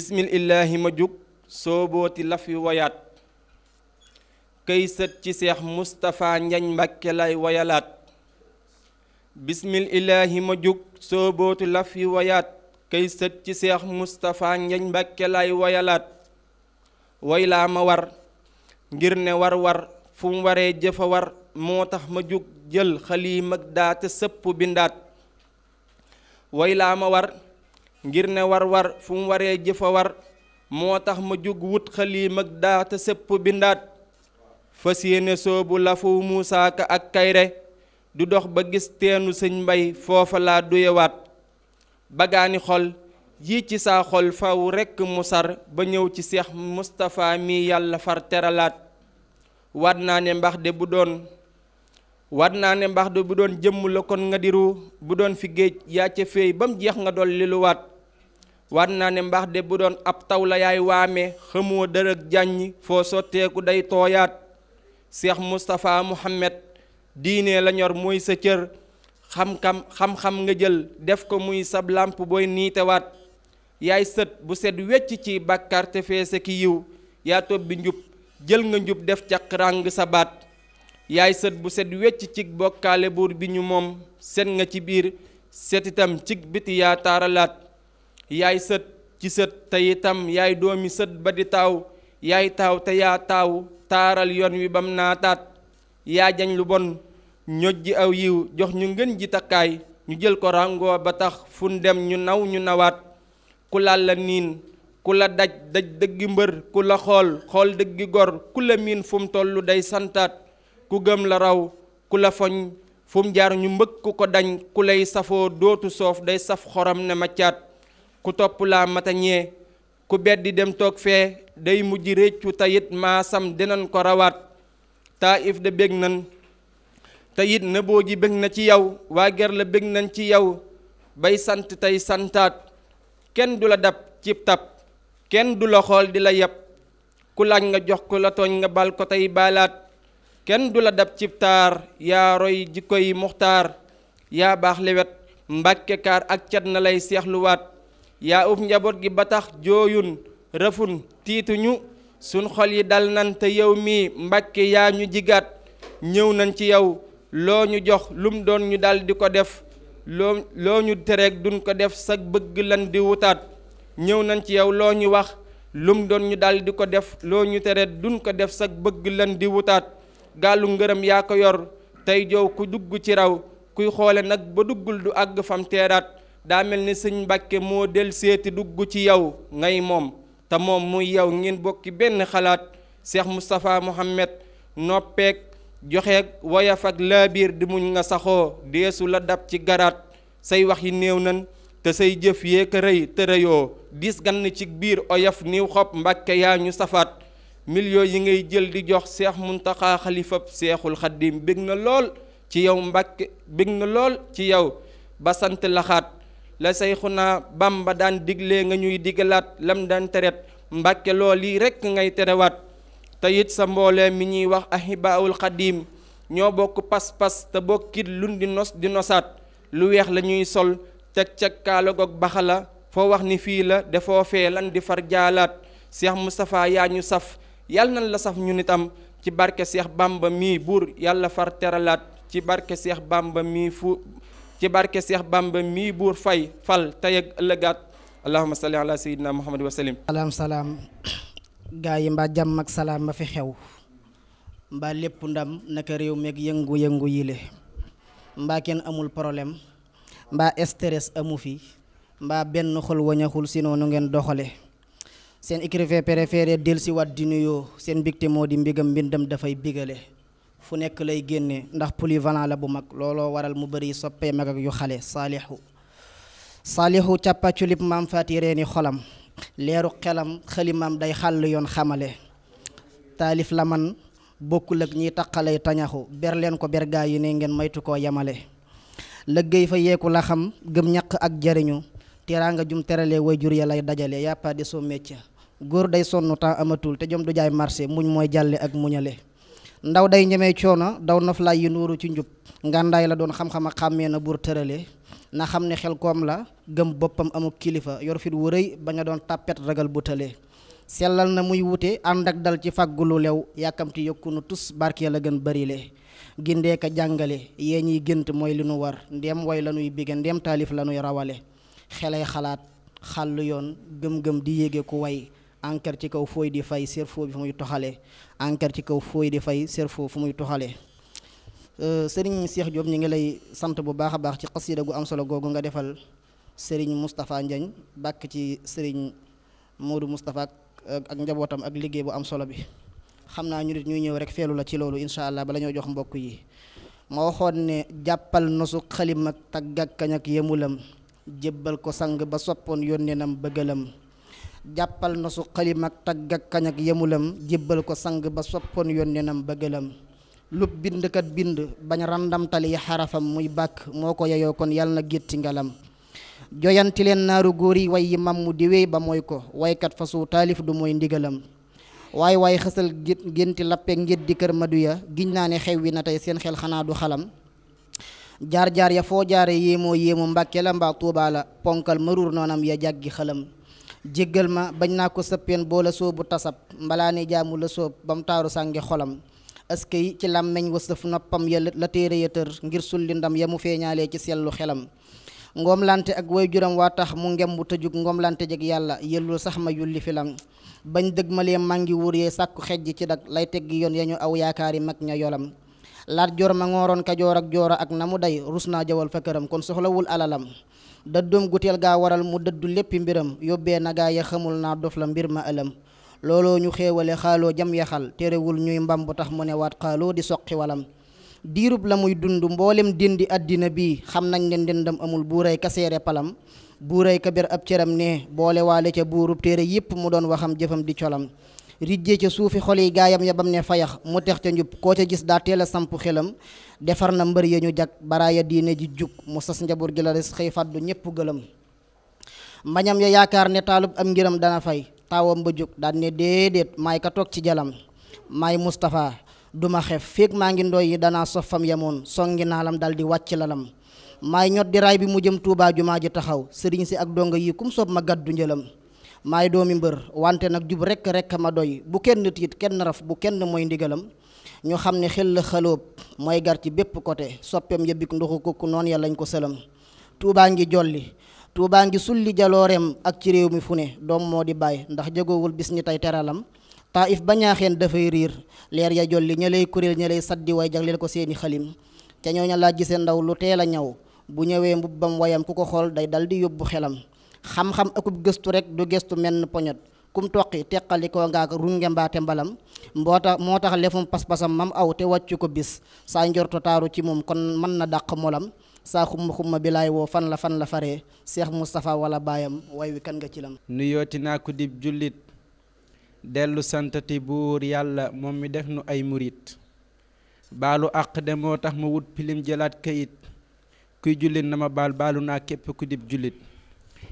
bismillaahi ma jóg soobooti laf yu wayaat këy sët ci seex mustapha njañ mbàkke wayalaat bismillaahi ma jóg soobooti laf yu wayaat këy sët ci seex mustapha njañ mbàkke war ngir ne war war waree jëfa war moo tax ma jug jël xaliim ak daate sëpp bindaat way ma war ngir ne war-war fu mu waree jëfa moo tax ma jug wut xaliim ak daata sëpp bindaat fas yéene soobu lafu Muusaa ak Kayre du dox ba gis teenu sëñ mbay foofa laa duyewaat bagaani xol ji ci saa xol faw rekk mu sar ba ñëw ci seex Mustapha mi yàlla far teralaat waat naa ne mbax bu doon waat naa ne mbax bu doon jëmm la kon nga diru bu doon fi géej yaa ca féey ba mu jeex nga dolli luwaat war naa ne mbaax de bu doon ab taw la yaay waame xamoo dërëg jàññ foo sotteeku day tooyaat seex Moustapha Mohamed diine la ñor mooy sa cër xam-xam xam nga jël def ko muy sab làmp booy niitewaat yaay sët bu set wecc ci bàkkaar te feese ki yiw yaa topp bi njub jël nga njub def ca ràng sa baat yaay sët bu set wecc cig bokkaale buur bi ñu moom set nga ci biir set itam cig biti yaa taaralaat yaay sët ci sët te itam yaay doomi sët ba di taw yaay taaw te yaa taaw taaral yoon wi bam naataat yaa jañ lu bon ñoj ji aw yiw jox ñu ngën ji takkaay ñu jël ko ràngoo ba tax fu dem ñu naw ñu nawaat ku laal niin ku la daj daj dëggi mbër ku la xool xool dëggi gor ku la miin fu mu toll day santaat ku gëm la raw ku la foñ fu jaar ñu mbëkk ko dañ ku lay safoo dootu soof day saf xoram ne ma ku topp laa matañee ku beddi dem toog fee day mujj réccu tayit maasam dinañ ko rawaat taaif de bég nan tayit nëboo ji bég na ci yow waa ger la bég nañ ci yow bay sant tey santaat kenn du la dab cib tab kenn du la xool di la yab ku laaj nga jox ku la tooñ nga bal ko tey baalaat kenn du la dab cib taar yaa roy jikko yi muxtaar yaa baax lewet mbàkke ak cet na lay seexluwaat yaa uf njaboot gi ba tax jooyun rëfun tiituñu sunu xol yi dal nan te yow mii mbàkke yaa ñu jigaat ñëw nañ ci yow loo ñu jox lum doon ñu dal di ko def loo loo ñu tereeg duñ ko def sag bëgg lan di wutaat ñëw nañ ci yow loo ñu wax lum doon ñu dal di ko def loo ñu tereeg duñ ko def sa bëgg lan di wutaat gàllu ngërëm yaa ko yor tey jow ku dugg ci raw kuy xoole nag ba duggul du àgg fam daa mel ni sëñ Mbàkke moo del seeti dugg ci yow ngay moom te moom muy yow ngeen bokki benn xalaat Cheikh Moustapha Mohamed noppeeg joxeeg woyaf ak laabiir di muñ nga saxoo deesu la dab ci garaat say wax yi néew nan te say jëf yee ka rëy tërëyoo dis gann ci biir oyaf niw xob Mbàkke yaa ñu safaat millions yi ngay jël di jox seex Muntaxa xalifab Seexul Xaddim bég na lool ci yow Mbàkke bég na lool ci yow ba sant laxaat la Sayxuna ba daan digle nga ñuy digalaat lam daan teret mbàkke lool yi rekk ngay terewaat te it sa mboolee mi ñuy wax ahibaawul xadiim ñoo bokk pas-pas te bokkit lu di nos di nosaat lu weex la ñuy sol teg ca kaala goog baxa foo wax ni fii la defoo fee lan di far jaalaat Cheikh Moustapha yaa ñu saf yàlla nañ la saf ñu nitam ci barke Cheikh Bamba mii buur yàlla far teralaat ci barke Cheikh Bamba mii fu ci barke Seex Bamba mii buur fay fal tey ak ëllëgaat allahumma salli ala muhammad wa sallim salaam gaa yi mbaa jàmm ak salaam ba fi xew mbaa lépp ndam naka réew meeg yëngu-yëngu yile mbaa kenn amul problème mbaa stress amu fi mbaa benn xol wañaxul si noonu ngeen doxale seen écrivain préféré del si waat di nuyoo seen mbigte moo di mbigam mbindam dafay bigale fu nekk lay génne ndax polyvalent la bu mag looloo waral mu bëri soppee mag ak yu xale saalihu saalihu càppaculib maam faati reeni xolam leeru xelam xalimaam day xàll yoon xamale taalif la man bokkul ak ñiy taqalay tañaxu ber leen ko ber yi ne ngeen maytu ko yamale lëggéey fa yeeku la xam gëm ñaq ak jariñu teraanga jum terale way jur ya lay dajale yàppa di soo métier góor day sonn temps amatul te jom du jaay marché muñ mooy jàlle ak muñale ndaw day ñemee coono daw noflaay yi nuuru ci njub ngàndaay la doon xam-xam a xàmmee na buur tërale na xam ne xel koom la gëm boppam amuk kilifa yor fit wu rëy ba nga doon tàppet ragal bu tële sellal na muy wute ànd ak dal ci fàggulu lew yàkkamti yokkunu tus barke la gën bërile gindee ka jàngale yee ñuy gént mooy li nu war ndem way la nuy bige ndéem taalif la nuy rawale xelay xalaat xàll yoon gëm-gëm di yéege ku way encre ci kaw fooy di fay cerveau bi fu muy toxalee encre ci kaw fooy di fay cerveau fu muy toxalee euh, sëriñ Cheikh Diop ñu ngi lay sant bu baax a baax ci xasida gu am solo googu nga defal sëriñ Moustapha Ndiagne bàkk ci sëriñ Modou Moustapha ak njabootam ak liggéey bu am solo bi xam naa ñu nit ñuy ñëw rek feelu la ci loolu incha allah bala ñoo jox mbokk yi ma waxoon ne jàppal nosu xalim ak tàggakañ ak yemulam jébbal ko sang ba soppoon yónnee yónneenam bëggalam jàppal na su xalim ak tagg ak kañ ak yemulam jébbal ko sang ba soppoon yónnenam bëggalam lu bindkat bind bañ randamtali xarafam muy bàkk moo ko yeyoo kon yal na gétti ngalam joyanti leen naaru góor yi way yi mam mu di ba mooy ko waykat fasu taalif du mooy ndigalam waaye waay xësal génti lappe ngét di kër maduya giñ naa ne xew wi na tey seen xel xanaa du xalam jaar-jaar ya foo jaare yéemoo yéemu mbàkke la mbaa tuubaa ponkal maruur ya jàggi xalam jéggal ma bañ naa ko sëppeen boo la soobu tasab mbalaa ne jaamu la soob ba mu taaru sàngi xolam askay ci wa wasaf noppam ya la téere ya tër ngir sulli ndam ya mu feeñaalee ci sellu xelam ngoomlante ak woy juram waa tax mu ngem bu tëjug ngoomlante jeg yàlla yëllul sax ma yulli filam bañ dëgg ma dëgmalee màngi wuur yee sàkku xejj ci dak lay teggi yoon ya ñu aw yaakaar yi mag ña yolam laat joor ma ngooroon kajoor ak joora ak na mu day rus naa jawal fa këram kon soxlawul alalam dëddum guteel gaa waral mu dëddu léppi mbiram yóbbee nagaa ya xamul naa dof la mbir ma ëlam looloo ñu xéewale xaaloo jam yaxal téerewul ñuy mbam bu tax mu ne waat xaaloo di soqi walam diirub la muy dund mboolem dindi àddina bi xam nañ ne ndëndam amul buuray kaseere palam buuray kabir ab cëram ne boole waale ca buurub téere yépp mu doon waxam jëfam di colam rijjee ca suufi xol yi gaayam ya bam ne fayax mu tex ca njub koo ca gis daa teel a samp xelam defar na mbër ya ñu jag baraaya diine ji jug mu sas njabur gi la res xëy fàddu ñépp gëlëm mbañam ya yaakaar ne taalub am ngiram dana fay taawam ba jug daan ne déedéet maay ka toog ci jalam maay Moustapha duma xef feeg maa ngi ndoy yi danaa sof fam yamoon songi naalam dal di wàcc lalam maay ñot di raay bi mu jëm Tuubaa jumaa ji taxaw sëriñ si ak donga yii kum soob ma gàddu njëlam maay doomi mbër wante nag jub rek rek ma doy bu kenn tiit kenn raf bu kenn mooy ndigalam ñu xam ne xel xaloob mooy gar ci bépp côté soppeem yëbbik ndoxu kukk noon ya lañ ko sëlam tuubaa ngi jolli tuubaa ngi sulli jalooreem ak ci réew mi fu ne doom moo di bàyyi ndax jegowul bis ñi tey teralam taif ba ñaaxeen dafay riir leer ya jolli ña lay kuréel ña lay saddi way jagleel ko seeni xalim ca ñoo ña laa gisee ndaw lu teel a ñaw bu ñëwee mbubbam wayam ku ko xool day dal di yóbbu xelam xam-xam akub gëstu rek du gëstu menn poñot kum toqi teqali koo ngaak runge mbaate mbalam mbootax moo tax lefum pas-pasam mam aw te wàccu ko bis saa njorto taaru ci moom kon mën na dàq molam saa xumma xumma bilaay woo fan la fan la faree Cheikh Moustapha wala baayam way wi kan nga ci lam nuyooti naa ko dib jullit dellu santati buur yàlla moom mi def nu ay murit baalu àq de moo tax ma wut pilim jëlaat kayit kuy jullit na ma baal baalu naa képp ku dib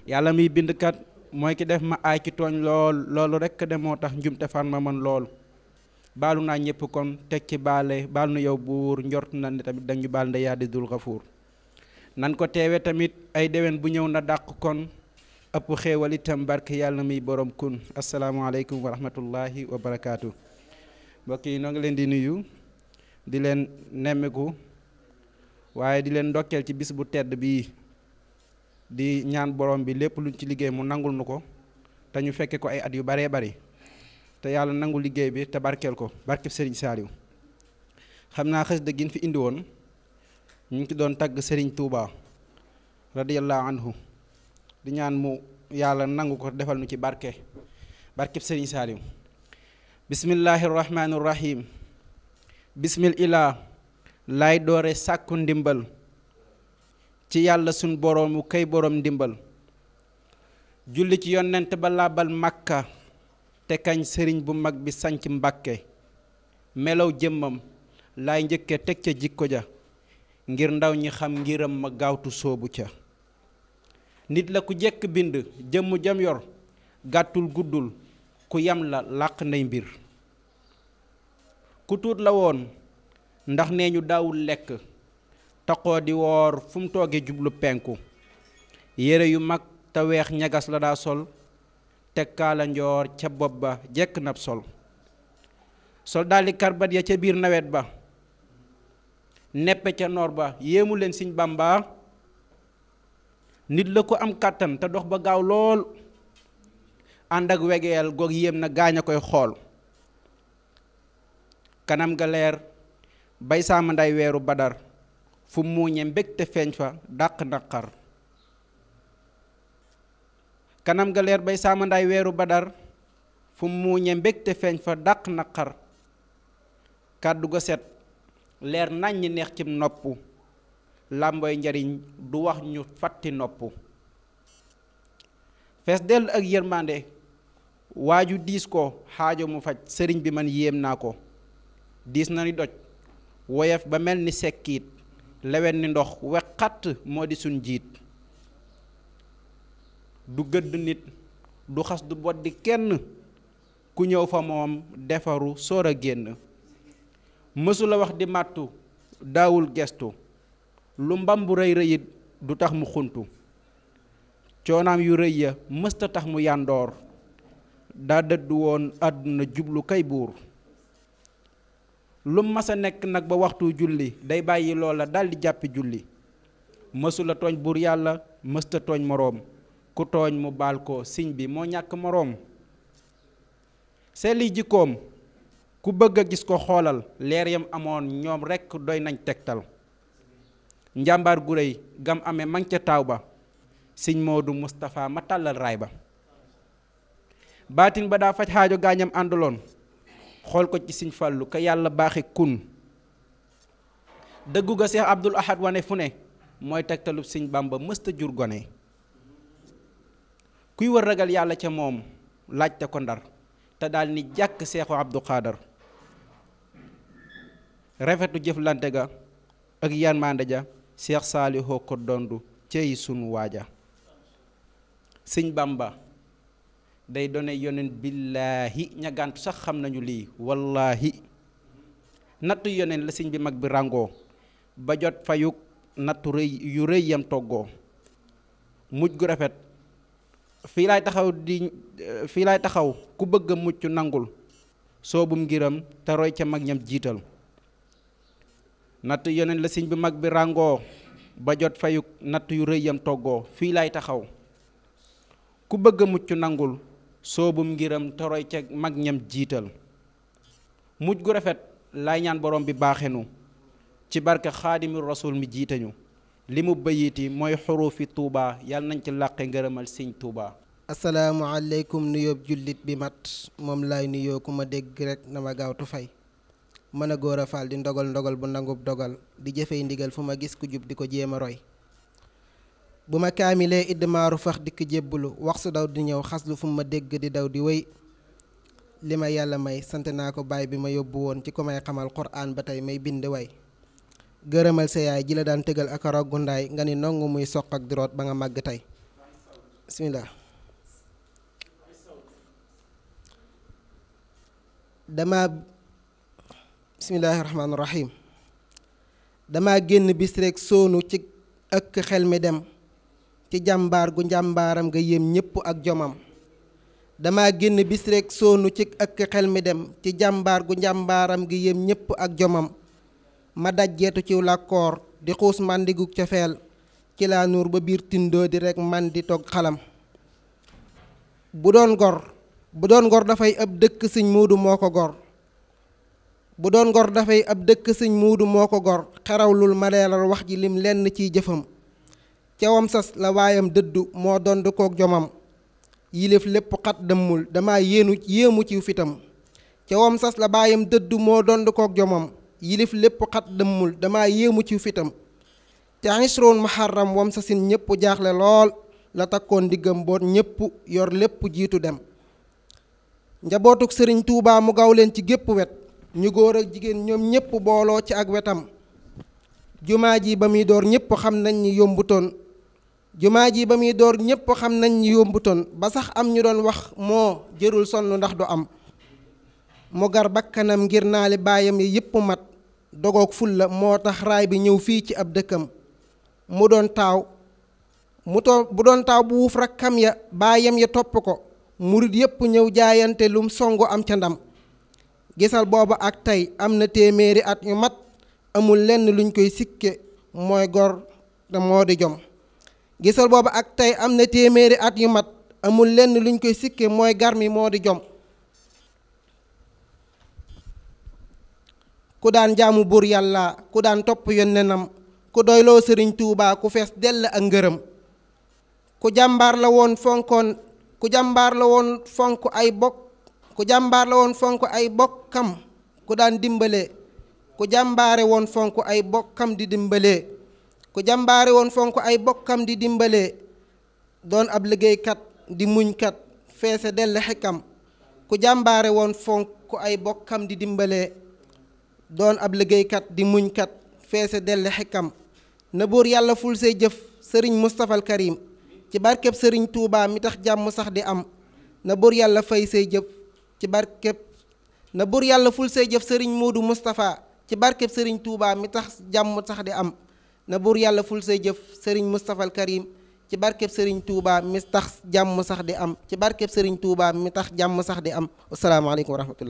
yàlla muy bindkat mooy ki def ma aay ki tooñ lool loolu rekk de moo tax njumte far ma mën lool baalu naa ñëpp kon teg ci baale baal nu yow buur njort na ne tamit dañu baal nde yaa di dul xafuur nan ko teewe tamit ay déwén bu ñëw na dàq kon ëpp xéewal itam barke yàlla muy borom kun asalaamaaleykum wa rahmatullahi wa barakaatu. mbokk yi noo ngi leen di nuyu di leen nemmiku waaye di leen ndokkeel ci bis bu tedd bii di ñaan borom bi lépp luñ ci liggéey mu nangul nu ko te ñu fekke ko ay at yu baree bari te yàlla nangu liggéey bi te barkeel ko barkeb Serigne Saliou xam naa xasida gi ñu fi indi woon ñu ngi ci doon tagg Serigne Touba radiyallahu anhu di ñaan mu yàlla nangu ko defal nu ci barke barkeb Serigne Saliou bismillahi rahmaani rahim bismillah lay doore sàkku ndimbal ci yàlla sunu boroomu kay boroom ndimbal julli ci yonent ba laabal màkka te kañ sëriñ bu mag bi sanc mbàkke melow jëmmam lay njëkke teg ca jikko ja ngir ndaw ñi xam ngiram ma gaawtu soobu ca nit la ku jekk bind jëmm jam yor gàttul guddul ku yam la làq nay mbir ku tuut la woon ndax nee ñu daawul lekk taqoo di woor fu mu toogee jublu penku yére yu mag te weex ñagas la daa sol te kaala ca bopp ba jekk nab sol sol daldi karbat ya ca biir nawet ba neppe ca noor ba yéemu leen siñ bàmba nit la ko am kàttan te dox ba gaaw lool ànd ak wegeel goog yéem na gaañ a koy xool kanam ga leer bay saama weeru badar fu muuñe mbégte feeñ fa dàq naqar kanam ga leer bay saamandaay weeru badar fu muuñe mbégte feeñ fa dàq naqar kàddu ga set leer nàññi neex cim noppu làmbooy njariñ du wax ñu fàtti noppu fees dell ak yërmande waaju diis ko xaajo mu faj sëriñ bi man yéem naa ko diis na ni doj woyof ba mel ni sekkiit lewen ni ndox weqat moo di suñ jiit du gëdd nit du xas du boddi kenn ku ñëw fa moom defaru sor a génn mësula wax di màttu daawul gestu lu bu rëy rëyit du tax mu xuntu coonaam yu rëy ya mësta tax mu yàndoor daa dëdd woon àdduna jublu kay buur lu mas a nekk nag ba waxtu julli day bàyyi loola daldi jàppi julli mësula tooñ buur yàlla mësta tooñ moroom ku tooñ mu baal koo siñ bi moo ñàkk moroom seeli jikkoom ku bëgg a gis ko xoolal leer yam amoon ñoom rekk doy nañ tegtal njàmbaar gu réy gam ame mang ca taaw ba siñ moodu Moustapha ma tàllal raay ba baatin ba daa faj xaajo gaañam àndaloon xool ko ci Sëñ Fàllu ka yàlla baaxe kun dëggu ga Seex Abdul Ahad wane fu ne mooy tegtalub Sëñ Bàmba mësta jur gone kuy war ragal yàlla ca moom laajte ko ndar te daal ni jàkk Seexu Abdu Xaadar rafetu jëflante ga ak yërmande ja Seex Saalihoo ko dondu cey sunu waaja Sëñ Bàmba day doone yonent billaahi ña gàntu sax xam nañu lii wallaahi natt yonent la sëñ bi mag bi ràngoo ba jot fayug nattu rëy yu rëy toggoo gu rafet fii laay taxaw fii laay taxaw ku bëgg mucc nangul soobum ngiram te roy ca mag ñam jiital natt yoneen la siñ bi mag bi ràngoo ba jot fayuk natt yu rëy yam toggoo fii laay taxaw ku bëgg mucc nangul soobum ngiram toroy ca mag ñam jiital mujj gu rafet laay ñaan borom bi nu ci barke xaadimul rasul mi jiitañu li mu bayiti mooy xurufi tuuba yàlla nañ ci làqe ngërëmal sëñ tuuba asalaamualeykum nuyoob jullit bi mat moom laay nuyoo ku ma dégg rek na ma gaawtu fay mën a góor a faal di ndogal ndogal bu nangub dogal di jëfey ndigal fu ma gis ku jub di ko jéem roy bu ma kaamilee iddmaaru fax dikk jébbulu wax su daw di ñëw xas xaslu fu ma dégg di daw di wéy li ma yàlla may sant naa ko baay bi ma yóbbu woon ci ku may xamal quraan ba tey may bind way gërëmal sa yaay ji la daan tëgal ak roggu ndaay nga ni nongu muy soq ak di ba nga màgg tey bismillah dama bismillahi dama génn bis soonu ci ëkk xel mi dem ci jàmbaar gu njàmbaaram nga yem ñépp ak jomam dama génn bis rekk soonu ci ak xel mi dem ci jàmbaar gu njàmbaaram gi yéem ñépp ak jomam ma daj ci làkkoor di xuus màndigu cofeel ci la nuur ba biir tindoo di rekk man di toog xalam bu doon gor bu doon gor dafay ab dëkk sëñ doon gor dafay ab dëkk sëñ muudu moo ko gor xerawlul ma leeral wax ji lim lenn ciy jëfam cewam sas la waayam dëddu moo dond kook jomam yilif lépp xat dëmmul dama yéenu yéemu ci fitam cewam sas la baayam dëddu moo dond kook jomam yilif lépp xat dëmmul dama yéemu ci fitam te isroon muharram wam sasin ñépp jaaxle lool la takkoon diggam boot ñépp yor lépp jiitu dem njabootuk sëriñ tuubaa mu gaw leen ci gépp wet ñu góor ak jigéen ñoom ñépp booloo ci ak wetam jumaa ji ba muy door ñépp xam nañ ni yombutoon jumaa ji ba muy door ñëpp xam nañ yombutoon ba sax am ñu doon wax moo jërul sonn ndax du am mu gar bakkanam ngir naali baayam yi yëpp mat dogoog fulla moo tax raay bi ñëw fii ci ab dëkkam mu doon taaw mu too bu doon taaw bu wuuf rakkam ya baayam ya topp ko murit yépp ñëw jaayante lum song am ca ndam gisal booba ak tey am na téeméeri at ñu mat amul lenn luñ koy sikke mooy gor te moo di jom gisal boobu ak tey am na téeméeri at yu mat amul lenn luñ koy sikke mooy garmi moo di jom ku daan jaamu buur yàlla ku daan topp yonnenam ku doyloo sëriñ tuubaa ku fees dell ak ngërëm ku jàmbaar la woon fonkoon fonk ay bokk ku jàmbaar la woon fonk ay bokkam ku daan dimbale ku jàmbaare woon fonk ay bokkam di dimbalee ku jàmbaare woon fonk ay bokkam di dimbale doon ab liggéeykat di muñkat feese dell xekkam ku jàmbaare woon fonk ku ay bokkam di dimbale doon ab liggéeykat di muñkat feese dell xekkam na buur yàlla ful say jëf sëriñ mustafal karim ci barkeb sëriñ tuubaa mi tax jàmm sax di am na buur yàlla fay say jëf ci barkeb na buur yàlla ful say jëf sëriñ muudu mustafa ci barkeb sëriñ tuubaa mi tax jàmm sax di am na buur yàlla ful say jëf sëriñ Moustapha al ci barkeb sëriñ Touba mi tax jàmm sax di am ci barkeb sëriñ Touba mi tax jàmm sax di am asalaamaaleykum wa rahmatullah